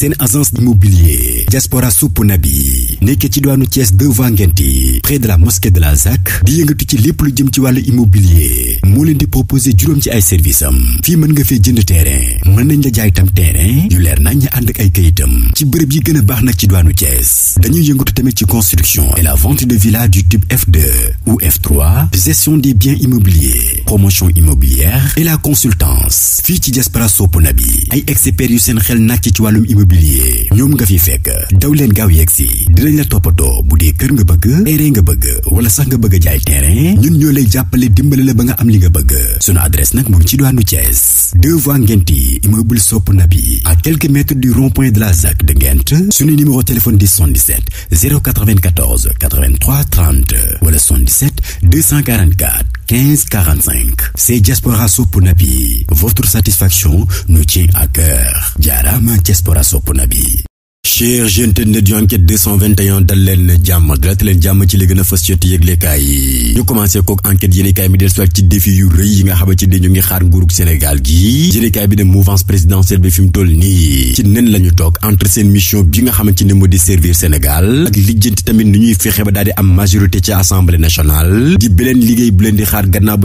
seen agence immobilier diaspora suppuna bi nekk ci diwaanu Thiès devant Ngenti près de la mosquée de la ZAC di yëngatu ci lépp lu jëm ci wàllu immobilier moo leen di proposer juróom ci ay services am fii mën nga fee jënd terrain mën nañ la jaay terrain yu leer nañ ñu ànd ak ay kayitam ci bërëb yi gën a baax nag ci diwaanu Thiès dañuy yëngatu tamit ci construction et la vente de villas du type F2 ou F3 gestion des biens immobiliers promotion immobilière et la fii ci diaspora suppuna bi ay experts seen xel nàcc ci wàllum immobilier immobilier ñoom nga fi fekk daw leen gaaw yegg si dinañ la toppatoo bu dee kër nga bëgg terrain nga bëgg wala sax nga bëgg jaay terrain ñun ñoo lay jàppale dimbale la ba nga am li nga bëgg sunu adresse nag mu ngi ci doonu Thiès deux voies Ngenti immeuble Sopp Nabi à quelques mètres du rond-point de la ZAC de Ngent suñu numéro téléphone di 77 094 83 30 wala 77 244 15 45 c'est Diaspora Sopp Nabi votre satisfaction nous tient à cœur jaaraama Diaspora Sopp sopp nabi cher jentenet yu enquête 221 dal leen jàmm ci li gën a fës ci yëglekaay yi ñu commencé kook enquête yéenekaay mi del soit ci défi yu rëy yi nga xamante ni ñu ngi xaar nguurug Sénégal gi yéenekaay bi ne mouvance présidentielle bi fi mu toll nii ci nen la toog entre seen mission bi nga xamante ni moo di servir Sénégal ak lijjanti tamit ni ñuy fexe ba daal di am majorité ci assemblée nationale di beneen liggéey bu leen di xaar gannaaw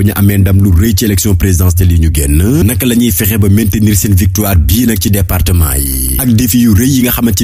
ba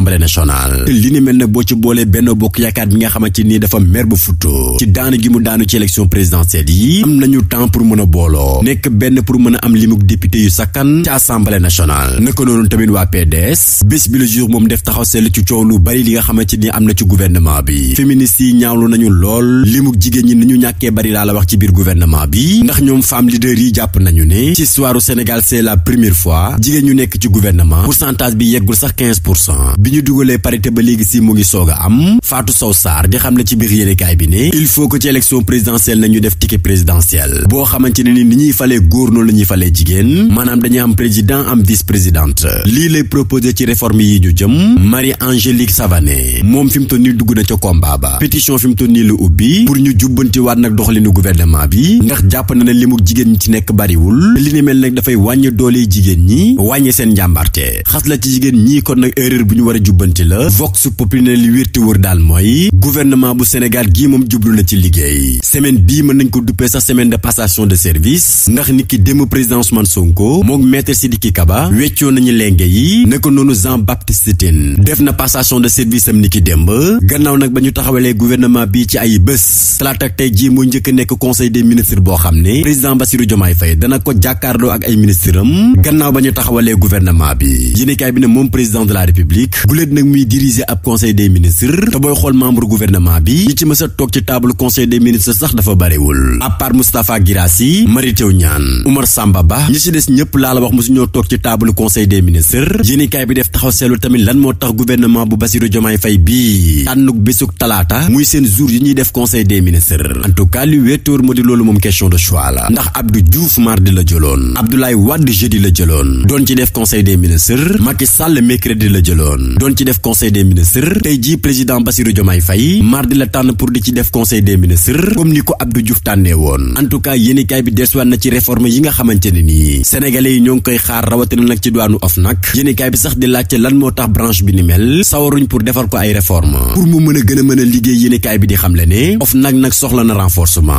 assemblée nationale li ni mel nag boo ci boolee benn bokk yaakaar bi nga xamante nii dafa mer ba futtoo ci daanu gi mu daanu ci élection présidentielle yi am nañu temps pour mën a booloo nekk benn pour mën a am limuk député yu sakkan ci assemblée nationale naka noonu tamit waa PDS bés bi moom def taxaw seetlu ci coow lu bari li nga xamante ni am na ci gouvernement bi féministes yi ñaawlu nañu lool limuk jigéen ñi ni ñu ñàkkee bari laa la wax ci biir gouvernement bi ndax ñoom femme leader yi jàpp nañu ne ci histoire Sénégal c'est la première fois jigéen ñu nekk ci gouvernement pourcentage bi yeggul sax 15 pour cent bi ñu dugalee parité ba léegi si mu ngi soog a am Fatou Sow Sarr di xam ne ci biir yéenekaay bi ne il faut que ci élection présidentielle nañu def ticket présidentiel boo xamante ne ni ni ñuy falee góor noonu la ñuy falee jigéen maanaam dañuy am président am vice présidente lii lay proposé ci réforme yi ñu jëm Marie Angélique Savané moom fi mu toll nii dugg na ca combat ba pétition fi mu toll nii lu ubbi pour ñu jubbantiwaat nag doxalinu gouvernement bi ndax jàpp na ne limu jigéen ñi ci nekk bariwul li ni mel nag dafay wàññi doole jigéen ñi wàññi seen njàmbarte xas la ci jigéen ñi kon nag bu ñu war jubbanti la vox populi ne li wérti wër daal mooy gouvernement bu Sénégal gii moom jublu na ci liggéey semaine bii mën nañ ko duppee sax semaine de passation de service ndax nit ki démb président Ousmane Sonko moom maître Sidiki Kaba weccoo nañu lenge yi naka noonu Jean Baptiste Tine def na passation de service am nit ki démb gannaaw nag ba ñu taxawalee gouvernement bi ci ay bés talaata tey jii moo njëkk nekk conseil des ministre boo xam ne président Bassirou Diomaye Faye dana ko jàkkaarloo ay ministres am gannaaw ba ñu taxawalee gouvernement bi yéenekaay bi ne moom président de la république bu nag muy diriger ab conseil des ministres te booy xool membre gouvernement bi ñi ci mës a toog ci table conseil des ministres sax dafa barewul à part Moustapha Guirassy Mary Teuw Niane Oumar Samba Ba ñi ci des ñëpp laa la wax mosu ñoo toog ci table conseil des ministres yéenekaay bi def taxaw seetlu tamit lan moo tax gouvernement bu Bassirou Diomaye Faye bii tànnuk bésuk talaata muy seen jour yi ñuy def conseil des ministres en tout li wéetóor moo di loolu moom question de choix la ndax Abdou Diouf mardi la jëloon Abdoulaye Wade jeudi la doon ci def conseil des ministres Macky Sall mercredi la jëloon doon ci def conseil des ministres tey jii président Bassirou Diomaye Faye mardi la tànn pour di ci def conseil des ministres comme ni ko Abdou Diouf tànnee woon en tout bi desuwaat na ci réforme yi nga xamante nii sénégalais yi ñoo ngi koy xaar rawatina nag ci diwaanu OFNAC yéenekaay bi sax di laajte lan moo tax branche bi ni mel sawaruñ pour defar ko ay réforme pour mu mën a gën a mën liggéey yéenekaay bi di xam le ne OFNAC nag soxla na renforcement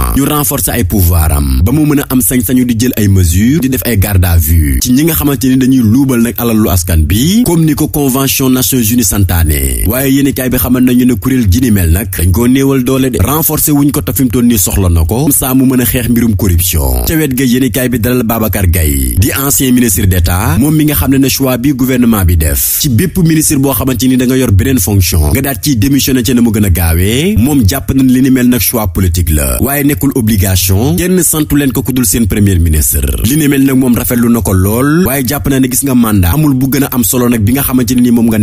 Nations Unies santaane waaye yéenekaay bi xamal nañu ne kuréel gi mel nag dañ koo néewal doole de wuñ ko tafim ni soxla na ko saa mu mën a xeex mbirum corruption ca wet ga yéenekaay bi dalal Babacar Gaye di ancien ministre d'État moom mi nga xam ne ne bi gouvernement bi def ci bépp ministre boo xamante ni da yor beneen fonction nga daat ciy démissionné ca na mu gën gaawee moom jàpp na li ni mel nag choix politique la waaye nekkul obligation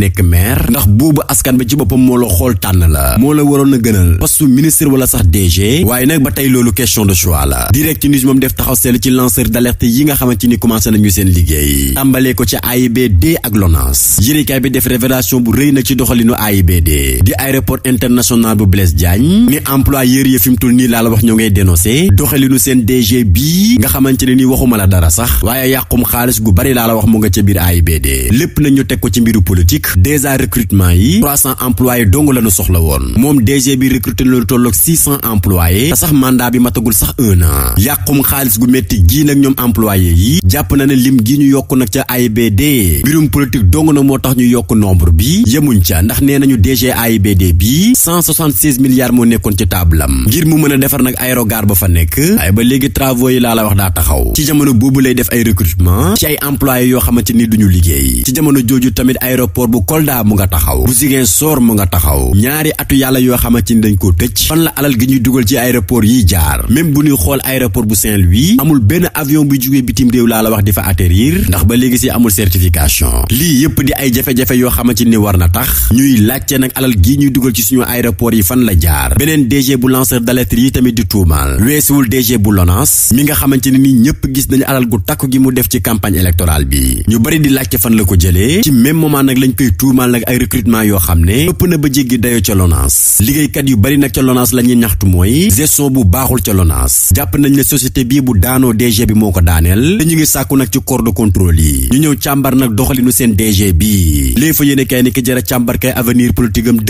nekk maire ndax boobu askan bi ci boppam moo la xool tànn la moo la waroon a gënal poste ministre wala sax DG waaye nag ba tey loolu question de choix la direct news moom def taxaw seetlu ci lanceur d'alerte yi nga xamante ni commencé nañu seen liggéey tàmbalee ko ci AIBD ak LONASE yéenekaay bi def révélation bu rëy na ci doxalinu AIBD di aéroport international bu Blaise Diagne ni employeur yi fi mu tul nii laa la wax ñoo ngay dénoncé doxalinu seen DG bii nga xamante ne ni waxuma la dara sax waaye yàqum xaalis gu bari laa la wax mu nga ca biir AIBD lépp nañu teg ko ci mbiru politique dèjà recrutement yi 300 employés dong la ñu soxla woon moom DG bi recruté na lu tolloog 600 employés te sax mandat bi matagul sax un an yàqum xaalis gu métti gii nag ñoom employé yi jàpp na na lim gi ñu yokk nag ca AIBD mbirum politique dong na moo tax ñu yokk nombre bi yemuñ ca ndax nee nañu DG AIBD bi 176 milliards moo nekkoon ci taabalam ngir mu mën a defar nag aérogare ba fa nekk ay ba léegi travaux yi laa la wax daa taxaw ci jamono boobu lay def ay recrutement ci ay yoo xamante ni duñu liggéey jamono jooju tamit aéroport bu Kolda mu nga taxaw bu Ziguinchor mu nga taxaw ñaari atu yàlla yoo xamante ni dañ koo tëj fan la alal gi ñuy dugal ci aéroport yi jaar même bu ñuy xool aéroport bu Saint-Louis amul benn avion buy jugee bitim réew laa la wax di fa atterrir ndax ba léegi si amul certification lii yëpp di ay jafe-jafe yoo xamante ni war na tax ñuy laajte nag alal gi ñuy dugal ci suñu aéroport yi fan la jaar beneen DG bu lanceur d'alerte yi tamit di tuumaal weesuwul DG bu LONASE mi nga xamante ne ni ñëpp gis nañu alal gu takku gi mu def ci campagne électorale bi ñu bari di laajte fan la ko jëlee même moment nag lañ tuumaal nag ay recrutement yoo xam ne ëpp na ba jéggi dayo ca LONASE liggéeykat yu bari nag ca LONASE la ñuy ñaxtu mooy gestion bu baaxul ca LONASE jàpp nañ ne société bii bu daanoo DG bi moo ko daaneel te ñu ngi sàkku nag ci corps de contrôle yi ñu ñëw càmbar nag doxalinu seen DG bi léegi fa yéene kay ni jara càmbar kay avenir politique am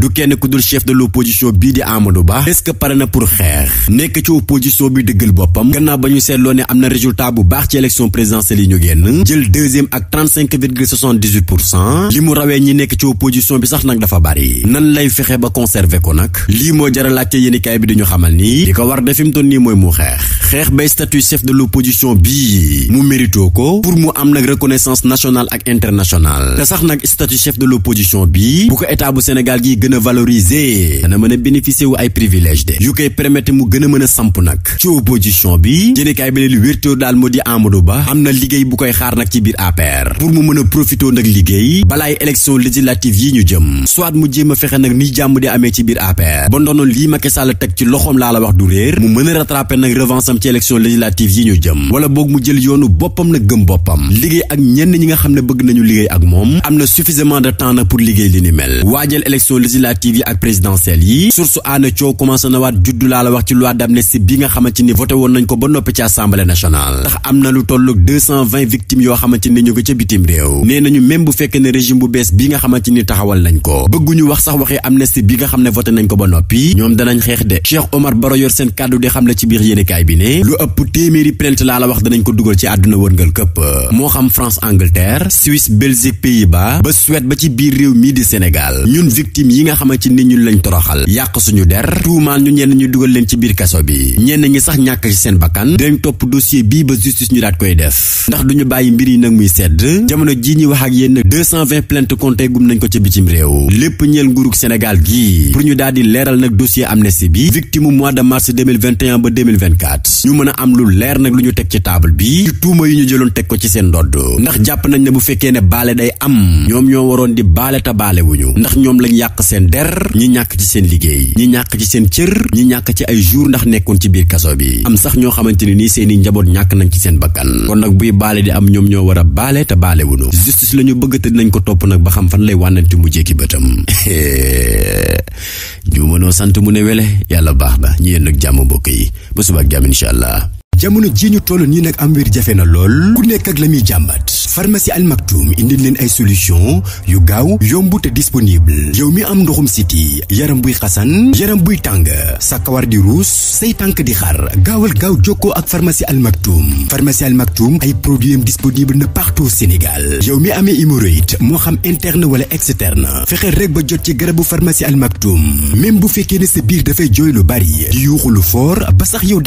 du kenn ku chef de l'opposition bii di Amadou Ba est pare na pour xeex nekk ci opposition bi dëggal boppam ba ñu seetloo ne am mu rawee ñi nekk ci opposition bi sax nag dafa bari nan lay fexe ba conserver ko nag lii moo jara laajte yéenikaay bi di ñu xamal ni di ko war def fi mu toll nii mooy mu xeex xeex bay statut chef de l'opposition bii mu méritoo ko pour mu am nag reconnaissance nationale ak internationale te sax nag statut chef de l'opposition bii bu ko état bu Sénégal gi gën a valoriser dana mën a bénéficier wu ay privilèges de yu koy permettre mu gën a mën a samp nag ci opposition bi yéenikaay bi ne lu wértóor daal moo di Amadou Ba am na liggéey bu koy xaar nag ci biir APR pour mu mën a profitoo liggéey élection législative yi ñu jëm soit mu jéem a fexe nag ni jàmm di amee ci biir APR ba ndono lii Macky Sall teg ci loxoom laa la wax du réer mu mën a rattraper nag ci élection législative yi ñu jëm wala boog mu jël yoonu boppam nag gëm boppam liggéey ak ñenn ñi nga xam ne bëgg nañu liggéey ak moom am na suffisamment de temps nag pour liggéey li ni mel waajal élection législative yi ak présidentielle yi source aana coow commencé na waat juddu la wax ci loi d'amnistie bi nga xamante ni voté woon nañ ko ba noppi ci assemblée nationale am na lu tollu 220 victimes yoo xamante ni ñu ko ca bitim bu bees bi nga xamante ni taxawal nañ ko bëgguñu wax sax waxi amnistie bi nga xam ne voté nañ ko ba noppi ñoom danañ Belgique Pays-Bas ba Suède ba ci biir réew mii Sénégal ñun victime yi nga xamante ni ñun lañ toroxal yàq suñu der tuumaan ñu ñenn ñu dugal leen ci biir kaso bi ñenn ñi sax ñàkk ci seen bakkan dinañ topp dossier bii ba justice ñu daat koy def ndax duñu bàyyi mbir yi nag muy sedd jamono ji ñi wax ak yéen 220 plainte compté gum nañ ko ca bitim réew lépp ñeel nguurug Sénégal ndax jàpp nañ ne bu fekkee ne baale day am ñoom ñoo waroon di baale te baale ndax ñoom lañ yàq seen der ñi ñàkk ci seen liggéey ñi ñàkk ci seen cër ñi ñàkk ci ay jour ndax nekkoon ci biir kaso bi am sax ñoo xamante ne nii seeni njaboot ñàkk nañ ci seen bakkan kon nag buy baale di am ñoom ñoo war a baale te baale wuñu justice la ñu bëgg te dinañ ko topp nag ba xam fan lay wànnanti mujjee ki bëtam ñu mënoo sant mu ne wele yàlla baax na ñi yéen nag jàmm mbokk yi ba suba ak jàmm incha allah jamono ji ñu toll nii nag am wér jafe na lool ku nekk ak la muy jàmbat farmasi Al Maktoum indi leen ay solution yu gaaw yomb te disponible yow mi am ndoxum siti yaram buy xasan yaram buy tàng sa kawar di ruus say tànk di xar gaawal gaaw jokkoo ak pharmacie Al Maktoum pharmacie Al Maktoum ay produit am disponible na partout Sénégal yow mi amee hémorroïde moo xam interne wala externe fexeel rek ba jot ci garabu pharmacie Al Maktoum même bu fekkee ne sa biir dafay jooy lu bari di lu fort yow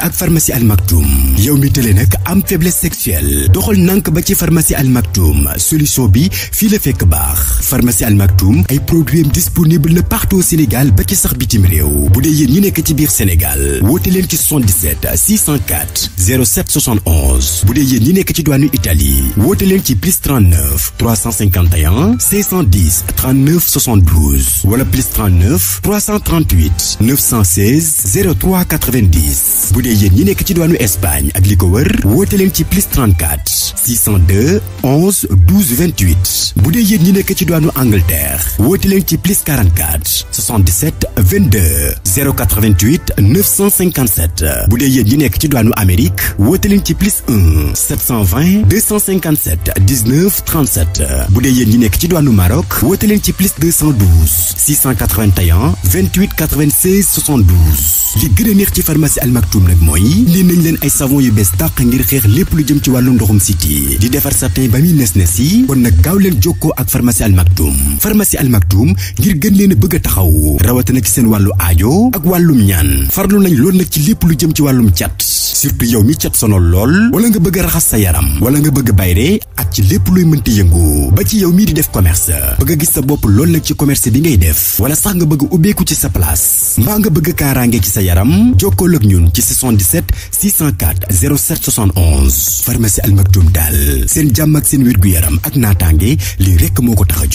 wala ak pharmacie Al Maktoum yow mi tële nag am faiblesse sexuelle doxal nank ba ci pharmacie Al Maktoum solution bi fii la fekk baax pharmacie Al Maktoum ay produits disponible na partout au Sénégal ba ci sax bitim réew bu dee yéen ñi nekk ci biir Sénégal woote leen ci 77 604 07 71 bu dee yéen ñi nekk ci douane Italie woote leen ci plus 39 351 610 39 72 wala plus 39 338 916 03 90. dee yéen ñi nekk ci diwaanu Espagne ak li ko wër woote leen ci plus 34 602 11 12 28 bu dee yéen ñi nekk ci diwaanu Angleterre woote leen ci plus 44 77 22 088 957 bu dee yéen ñi nekk ci diwaanu Amérique woote leen ci plus 1 720 257 19 37 bu dee yéen ñi nekk ci diwaanu Maroc woote leen ci plus 212 681 28 96 72 li gën a neex yëg mooy lii nañ leen ay savon yu bees tàq ngir xeex lépp lu jëm ci wàllu ndoxum siti di defar sarten ba muy nes nes yi kon nag gaaw leen jokkoo ak pharmacie Al Maktoum pharmacie Al Maktoum ngir gën leen bëgg a taxaw rawatina ci seen wàllu aajo ak wàllum ñaan farlu nañ lool nag ci lépp lu jëm ci wàllum cat surtout yow mi cat sonal lool wala nga bëgg raxas sa yaram wala nga bëgg a bayre ak ci lépp luy mënti yëngu ba ci yow mii di def commerce bëgg a gis sa bopp lool nag ci commerce bi ngay def wala sax nga bëgg ubbeeku ci sa place mbaa nga bëgg kaaraange ci sa yaram jokkoo ak ñun ci 77 604 07 71 pharmacie Al Maktoum daal seen jàmm ak seen wér gu yaram ak naataange lii rekk moo ko tax a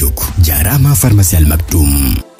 jaaraama pharmacie Al